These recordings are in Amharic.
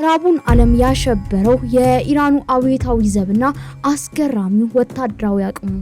ምዕራቡን ዓለም ያሸበረው የኢራኑ አብዮታዊ ዘብና አስገራሚው ወታደራዊ አቅሙ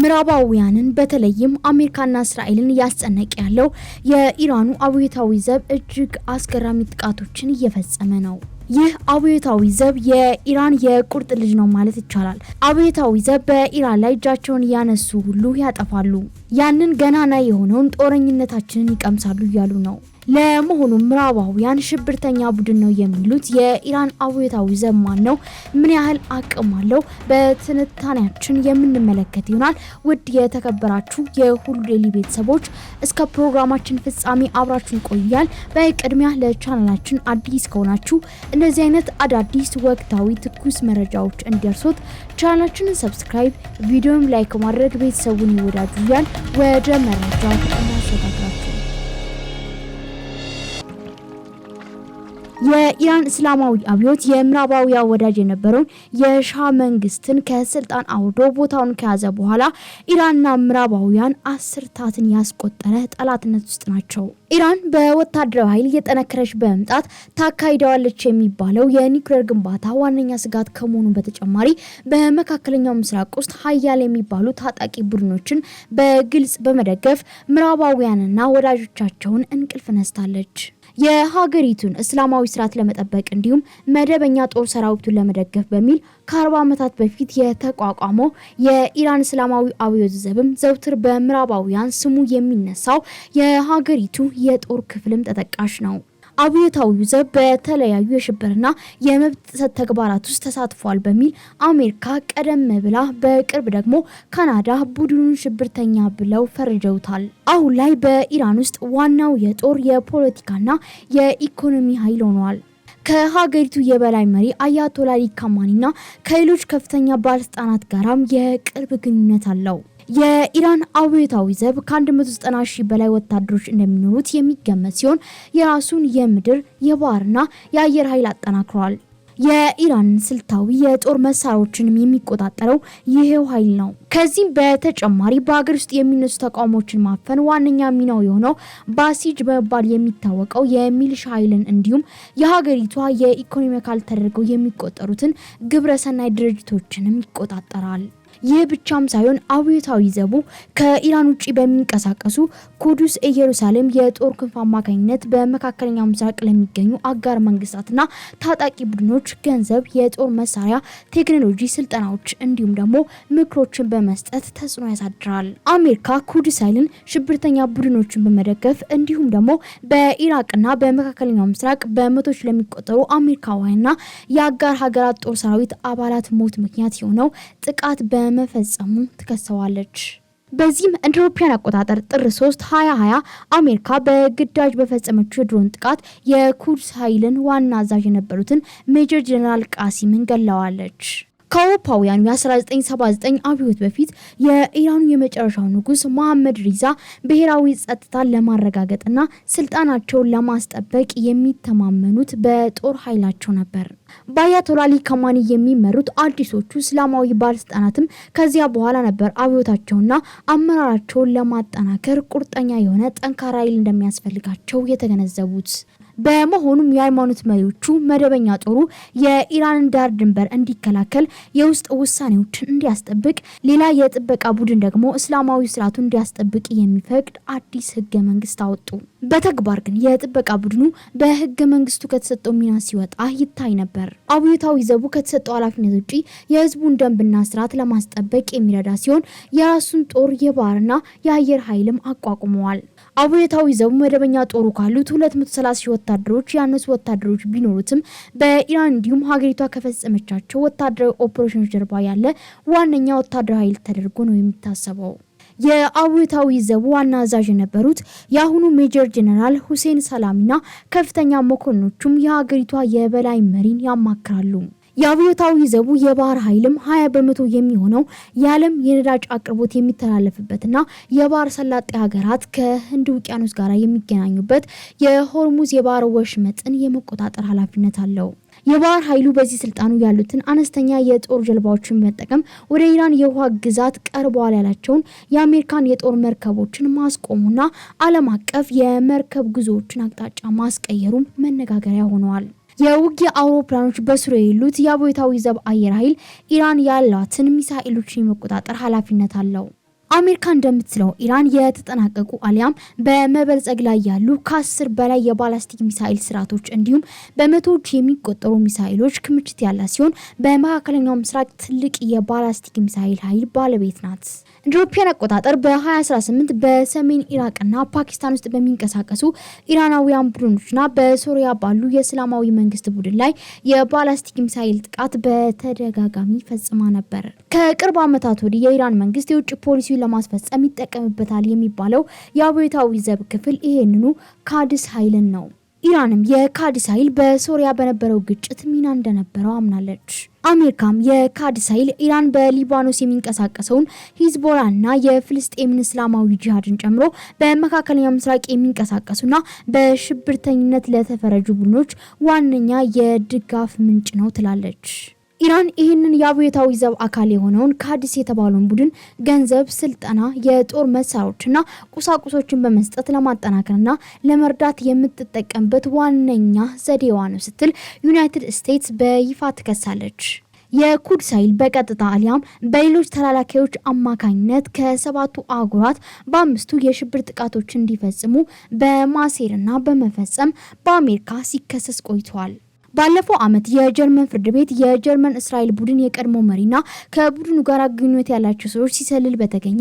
ምዕራባውያንን በተለይም አሜሪካና እስራኤልን እያስጨነቀ ያለው የኢራኑ አብዮታዊ ዘብ እጅግ አስገራሚ ጥቃቶችን እየፈጸመ ነው። ይህ አብዮታዊ ዘብ የኢራን የቁርጥ ልጅ ነው ማለት ይቻላል። አብዮታዊ ዘብ በኢራን ላይ እጃቸውን እያነሱ ሁሉ ያጠፋሉ፣ ያንን ገናና የሆነውን ጦረኝነታችንን ይቀምሳሉ እያሉ ነው። ለመሆኑ ምዕራባውያን ሽብርተኛ ቡድን ነው የሚሉት የኢራን አብዮታዊ ዘብ ማን ነው? ምን ያህል አቅም አለው? በትንታኔያችን የምንመለከት ይሆናል። ውድ የተከበራችሁ የሁሉ ዴይሊ ቤተሰቦች እስከ ፕሮግራማችን ፍጻሜ አብራችሁን ቆያል። በቅድሚያ ለቻናላችን አዲስ ከሆናችሁ እነዚህ አይነት አዳዲስ ወቅታዊ ትኩስ መረጃዎች እንዲደርሶት ቻናላችንን ሰብስክራይብ፣ ቪዲዮም ላይክ ማድረግ ቤተሰቡን ይወዳጁያል። ወደ መረጃ እናሸጋግራችሁ። የኢራን እስላማዊ አብዮት የምዕራባውያን ወዳጅ የነበረውን የሻ መንግስትን ከስልጣን አውርዶ ቦታውን ከያዘ በኋላ ኢራንና ምዕራባውያን አስርታትን ያስቆጠረ ጠላትነት ውስጥ ናቸው። ኢራን በወታደራዊ ኃይል እየጠነከረች በመምጣት ታካሂደዋለች የሚባለው የኒውክሌር ግንባታ ዋነኛ ስጋት ከመሆኑ በተጨማሪ በመካከለኛው ምስራቅ ውስጥ ሀያል የሚባሉ ታጣቂ ቡድኖችን በግልጽ በመደገፍ ምዕራባውያንና ወዳጆቻቸውን እንቅልፍ ነስታለች። የሀገሪቱን እስላማዊ ስርዓት ለመጠበቅ እንዲሁም መደበኛ ጦር ሰራዊቱን ለመደገፍ በሚል ከአርባ ዓመታት በፊት የተቋቋመው የኢራን እስላማዊ አብዮት ዘብም ዘውትር በምዕራባውያን ስሙ የሚነሳው የሀገሪቱ የጦር ክፍልም ተጠቃሽ ነው። አብዮታዊ ዘብ በተለያዩ የሽብርና የመብት ጥሰት ተግባራት ውስጥ ተሳትፏል በሚል አሜሪካ ቀደም ብላ በቅርብ ደግሞ ካናዳ ቡድኑን ሽብርተኛ ብለው ፈርጀውታል። አሁን ላይ በኢራን ውስጥ ዋናው የጦር የፖለቲካና የኢኮኖሚ ኃይል ሆኗል። ከሀገሪቱ የበላይ መሪ አያቶላ ሊ ካማኒና ከሌሎች ከፍተኛ ባለስልጣናት ጋራም የቅርብ ግንኙነት አለው። የኢራን አብዮታዊ ዘብ ከ190 ሺህ በላይ ወታደሮች እንደሚኖሩት የሚገመት ሲሆን የራሱን የምድር የባህርና የአየር ኃይል አጠናክሯል። የኢራን ስልታዊ የጦር መሳሪያዎችንም የሚቆጣጠረው ይሄው ኃይል ነው። ከዚህም በተጨማሪ በሀገር ውስጥ የሚነሱ ተቃውሞችን ማፈን ዋነኛ ሚናው የሆነው ባሲጅ በመባል የሚታወቀው የሚሊሻ ኃይልን እንዲሁም የሀገሪቷ የኢኮኖሚ አካል ተደርገው የሚቆጠሩትን ግብረሰናይ ድርጅቶችንም ይቆጣጠራል። ይህ ብቻም ሳይሆን አብዮታዊ ዘቡ ከኢራን ውጭ በሚንቀሳቀሱ ኩዱስ፣ ኢየሩሳሌም የጦር ክንፍ አማካኝነት በመካከለኛው ምስራቅ ለሚገኙ አጋር መንግስታትና ታጣቂ ቡድኖች ገንዘብ፣ የጦር መሳሪያ፣ ቴክኖሎጂ፣ ስልጠናዎች እንዲሁም ደግሞ ምክሮችን በመስጠት ተጽዕኖ ያሳድራል። አሜሪካ ኩዱስ ኃይልን ሽብርተኛ ቡድኖችን በመደገፍ እንዲሁም ደግሞ በኢራቅና በመካከለኛው ምስራቅ በመቶች ለሚቆጠሩ አሜሪካውያንና የአጋር ሀገራት ጦር ሰራዊት አባላት ሞት ምክንያት የሆነው ጥቃት በ በመፈጸሙ ትከሰዋለች። በዚህም እንደ አውሮፓውያን አቆጣጠር ጥር 3 2020 አሜሪካ በግዳጅ በፈጸመችው የድሮን ጥቃት የኩድስ ኃይልን ዋና አዛዥ የነበሩትን ሜጀር ጀነራል ቃሲምን ገላዋለች። ከአውሮፓውያኑ የ1979 አብዮት በፊት የኢራኑ የመጨረሻው ንጉስ መሐመድ ሪዛ ብሔራዊ ጸጥታን ለማረጋገጥና ስልጣናቸውን ለማስጠበቅ የሚተማመኑት በጦር ኃይላቸው ነበር። በአያቶላሊ ከማኒ የሚመሩት አዲሶቹ እስላማዊ ባለስልጣናትም ከዚያ በኋላ ነበር አብዮታቸውና አመራራቸውን ለማጠናከር ቁርጠኛ የሆነ ጠንካራ ኃይል እንደሚያስፈልጋቸው የተገነዘቡት። በመሆኑም የሃይማኖት መሪዎቹ መደበኛ ጦሩ የኢራንን ዳር ድንበር እንዲከላከል፣ የውስጥ ውሳኔዎችን እንዲያስጠብቅ፣ ሌላ የጥበቃ ቡድን ደግሞ እስላማዊ ስርዓቱ እንዲያስጠብቅ የሚፈቅድ አዲስ ህገ መንግስት አወጡ። በተግባር ግን የጥበቃ ቡድኑ በህገ መንግስቱ ከተሰጠው ሚና ሲወጣ ይታይ ነበር። አብዮታዊ ዘቡ ከተሰጠው ኃላፊነት ውጪ የህዝቡን ደንብና ስርዓት ለማስጠበቅ የሚረዳ ሲሆን የራሱን ጦር የባህርና የአየር ኃይልም አቋቁመዋል። አብዮታዊ ዘቡ መደበኛ ጦሩ ካሉት 230 ሺህ ወታደሮች ያነሱ ወታደሮች ቢኖሩትም በኢራን እንዲሁም ሀገሪቷ ከፈጸመቻቸው ወታደራዊ ኦፕሬሽኖች ጀርባ ያለ ዋነኛ ወታደራዊ ኃይል ተደርጎ ነው የሚታሰበው። የአብዮታዊ ዘቡ ዋና አዛዥ የነበሩት የአሁኑ ሜጀር ጀነራል ሁሴን ሰላሚና ከፍተኛ መኮንኖቹም የሀገሪቷ የበላይ መሪን ያማክራሉ። የአብዮታዊ ዘቡ የባህር ኃይልም 20 በመቶ የሚሆነው የዓለም የነዳጅ አቅርቦት የሚተላለፍበትና የባህር ሰላጤ ሀገራት ከህንድ ውቅያኖስ ጋር የሚገናኙበት የሆርሙዝ የባህር ወሽመጥን የመቆጣጠር ኃላፊነት አለው። የባህር ኃይሉ በዚህ ስልጣኑ ያሉትን አነስተኛ የጦር ጀልባዎችን በመጠቀም ወደ ኢራን የውሃ ግዛት ቀርበዋል ያላቸውን የአሜሪካን የጦር መርከቦችን ማስቆሙና ዓለም አቀፍ የመርከብ ጉዞዎችን አቅጣጫ ማስቀየሩም መነጋገሪያ ሆነዋል። የውጊ አውሮፕላኖች በሱሪያ የሉት የአብዮታዊ ዘብ አየር ኃይል ኢራን ያላትን ሚሳኤሎችን የመቆጣጠር ኃላፊነት አለው። አሜሪካ እንደምትለው ኢራን የተጠናቀቁ አሊያም በመበልጸግ ላይ ያሉ ከአስር በላይ የባላስቲክ ሚሳኤል ስርዓቶች እንዲሁም በመቶዎች የሚቆጠሩ ሚሳኤሎች ክምችት ያላት ሲሆን በመካከለኛው ምስራቅ ትልቅ የባላስቲክ ሚሳኤል ኃይል ባለቤት ናት። እንደ አውሮፓውያን አቆጣጠር በ2018 በሰሜን ኢራቅና ፓኪስታን ውስጥ በሚንቀሳቀሱ ኢራናውያን ቡድኖችና በሶሪያ ባሉ የእስላማዊ መንግስት ቡድን ላይ የባላስቲክ ሚሳኤል ጥቃት በተደጋጋሚ ፈጽማ ነበር። ከቅርብ ዓመታት ወዲህ የኢራን መንግስት የውጭ ፖሊሲ ለማስፈጸም ይጠቀምበታል የሚባለው የአብዮታዊ ዘብ ክፍል ይሄንኑ ካድስ ኃይልን ነው። ኢራንም የካዲስ ኃይል በሶሪያ በነበረው ግጭት ሚና እንደነበረው አምናለች። አሜሪካም የካዲስ ኃይል ኢራን በሊባኖስ የሚንቀሳቀሰውን ሂዝቦላና የፍልስጤምን እስላማዊ ጂሃድን ጨምሮ በመካከለኛ ምስራቅ የሚንቀሳቀሱና በሽብርተኝነት ለተፈረጁ ቡድኖች ዋነኛ የድጋፍ ምንጭ ነው ትላለች። ኢራን ይህንን የአብዮታዊ ዘብ አካል የሆነውን ካዲስ የተባለውን ቡድን ገንዘብ፣ ስልጠና፣ የጦር መሳሪያዎችና ቁሳቁሶችን በመስጠት ለማጠናከርና ለመርዳት የምትጠቀምበት ዋነኛ ዘዴዋ ነው ስትል ዩናይትድ ስቴትስ በይፋ ትከሳለች። የኩድስ ኃይል በቀጥታ አሊያም በሌሎች ተላላኪዎች አማካኝነት ከሰባቱ አህጉራት በአምስቱ የሽብር ጥቃቶች እንዲፈጽሙ በማሴርና በመፈጸም በአሜሪካ ሲከሰስ ቆይቷል። ባለፈው ዓመት የጀርመን ፍርድ ቤት የጀርመን እስራኤል ቡድን የቀድሞ መሪና ከቡድኑ ጋር ግንኙነት ያላቸው ሰዎች ሲሰልል በተገኘ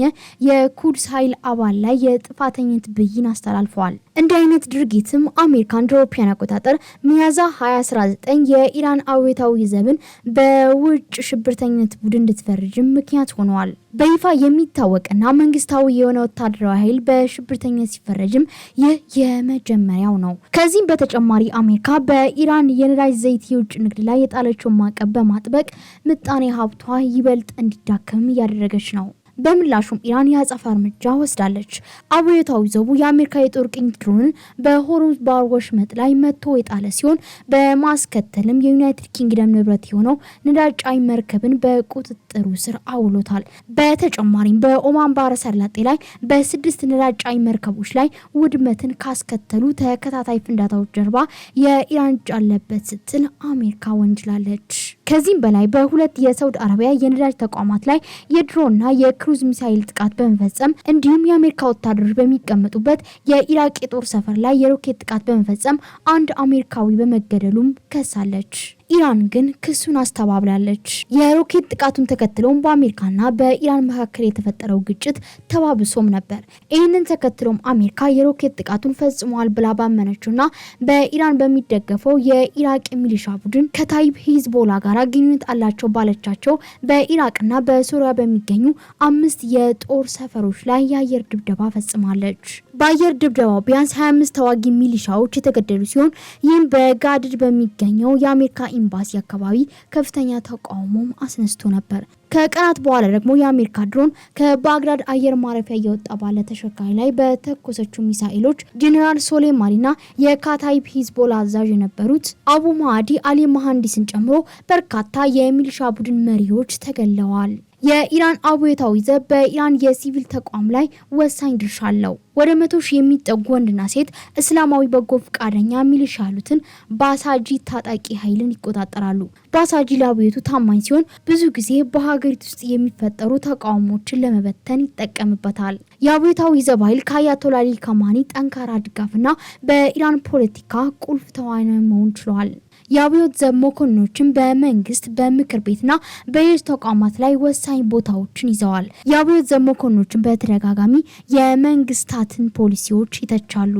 የኩድስ ኃይል አባል ላይ የጥፋተኝነት ብይን አስተላልፈዋል። እንዲህ አይነት ድርጊትም አሜሪካ እንደ አውሮፓውያን አቆጣጠር ሚያዝያ 2019 የኢራን አብዮታዊ ዘብን በውጭ ሽብርተኝነት ቡድን እንድትፈርጅም ምክንያት ሆነዋል። በይፋ የሚታወቅና መንግስታዊ የሆነ ወታደራዊ ኃይል በሽብርተኝነት ሲፈረጅም ይህ የመጀመሪያው ነው። ከዚህም በተጨማሪ አሜሪካ በኢራን የነዳጅ ዘይት የውጭ ንግድ ላይ የጣለችውን ማዕቀብ በማጥበቅ ምጣኔ ሀብቷ ይበልጥ እንዲዳከም እያደረገች ነው። በምላሹም ኢራን የአጸፋ እርምጃ ወስዳለች። አብዮታዊ ዘቡ የአሜሪካ የጦር ቅኝ ድሮንን በሆርሙዝ ባህር ወሽመጥ ላይ መጥቶ የጣለ ሲሆን በማስከተልም የዩናይትድ ኪንግደም ንብረት የሆነው ነዳጅ ጫኝ መርከብን በቁጥጥሩ ስር አውሎታል። በተጨማሪም በኦማን ባህረ ሰላጤ ላይ በስድስት ነዳጅ ጫኝ መርከቦች ላይ ውድመትን ካስከተሉ ተከታታይ ፍንዳታዎች ጀርባ የኢራን እጅ አለበት ስትል አሜሪካ ወንጅላለች። ከዚህም በላይ በሁለት የሳውዲ አረቢያ የነዳጅ ተቋማት ላይ የድሮና የክሩዝ ሚሳይል ጥቃት በመፈጸም እንዲሁም የአሜሪካ ወታደሮች በሚቀመጡበት የኢራቅ የጦር ሰፈር ላይ የሮኬት ጥቃት በመፈጸም አንድ አሜሪካዊ በመገደሉም ከሳለች። ኢራን ግን ክሱን አስተባብላለች። የሮኬት ጥቃቱን ተከትሎም በአሜሪካና በኢራን መካከል የተፈጠረው ግጭት ተባብሶም ነበር። ይህንን ተከትሎም አሜሪካ የሮኬት ጥቃቱን ፈጽሟል ብላ ባመነችውና በኢራን በሚደገፈው የኢራቅ ሚሊሻ ቡድን ከታይብ ሂዝቦላ ጋር ግንኙነት አላቸው ባለቻቸው በኢራቅና በሶሪያ በሚገኙ አምስት የጦር ሰፈሮች ላይ የአየር ድብደባ ፈጽማለች። በአየር ድብደባው ቢያንስ 25 ተዋጊ ሚሊሻዎች የተገደሉ ሲሆን ይህም በጋድድ በሚገኘው የአሜሪካ ኤምባሲ አካባቢ ከፍተኛ ተቃውሞም አስነስቶ ነበር። ከቀናት በኋላ ደግሞ የአሜሪካ ድሮን ከባግዳድ አየር ማረፊያ እየወጣ ባለ ተሸካሪ ላይ በተኮሰችው ሚሳኤሎች ጄኔራል ሶሌማኒና የካታይብ ሂዝቦላ አዛዥ የነበሩት አቡ ማህዲ አሊ መሀንዲስን ጨምሮ በርካታ የሚሊሻ ቡድን መሪዎች ተገለዋል። የኢራን አብዮታዊ ዘብ በኢራን የሲቪል ተቋም ላይ ወሳኝ ድርሻ አለው። ወደ መቶ ሺህ የሚጠጉ ወንድና ሴት እስላማዊ በጎ ፈቃደኛ ሚሊሻ ያሉትን ባሳጂ ታጣቂ ኃይልን ይቆጣጠራሉ። ባሳጂ ለአብዮቱ ታማኝ ሲሆን ብዙ ጊዜ በሀገሪቱ ውስጥ የሚፈጠሩ ተቃውሞችን ለመበተን ይጠቀምበታል። የአብዮታዊ ዘብ ኃይል ከአያቶላሊ ካማኒ ጠንካራ ድጋፍና በኢራን ፖለቲካ ቁልፍ ተዋናይ መሆን ችሏል። የአብዮት ዘብ መኮንኖችን በመንግስት በምክር ቤትና በሌሎች ተቋማት ላይ ወሳኝ ቦታዎችን ይዘዋል። የአብዮት ዘብ መኮንኖችን በተደጋጋሚ የመንግስታትን ፖሊሲዎች ይተቻሉ።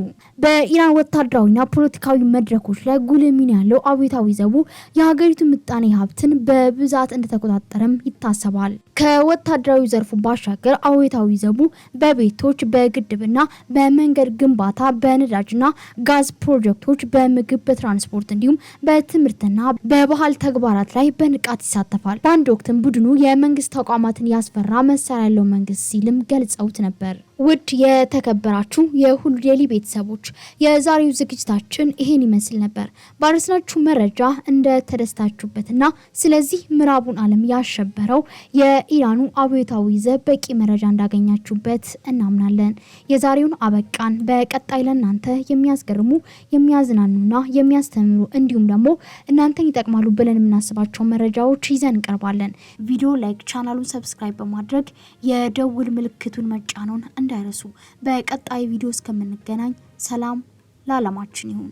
በኢራን ወታደራዊና ፖለቲካዊ መድረኮች ላይ ጉልህ ሚና ያለው አብዮታዊ ዘቡ የሀገሪቱ ምጣኔ ሀብትን በብዛት እንደተቆጣጠረም ይታሰባል። ከወታደራዊ ዘርፉ ባሻገር አዎንታዊ ዘቡ በቤቶች በግድብና በመንገድ ግንባታ በነዳጅና ጋዝ ፕሮጀክቶች በምግብ በትራንስፖርት እንዲሁም በትምህርትና በባህል ተግባራት ላይ በንቃት ይሳተፋል። በአንድ ወቅትም ቡድኑ የመንግስት ተቋማትን ያስፈራ መሳሪያ ያለው መንግስት ሲልም ገልጸውት ነበር። ውድ የተከበራችሁ የሁሉ ዴይሊ ቤተሰቦች የዛሬው ዝግጅታችን ይሄን ይመስል ነበር። ባረስናችሁ መረጃ ተደስታችሁበትና ስለዚህ ምዕራቡን ዓለም ያሸበረው የኢራኑ አብዮታዊ ዘብ በቂ መረጃ እንዳገኛችሁበት እናምናለን። የዛሬውን አበቃን። በቀጣይ ለእናንተ የሚያስገርሙ የሚያዝናኑና የሚያስተምሩ እንዲሁም ደግሞ እናንተን ይጠቅማሉ ብለን የምናስባቸው መረጃዎች ይዘን እንቀርባለን። ቪዲዮ ላይክ፣ ቻናሉን ሰብስክራይብ በማድረግ የደውል ምልክቱን መጫኑን እንዳይረሱ። በቀጣይ ቪዲዮ እስከምንገናኝ ሰላም ለዓለማችን ይሁን።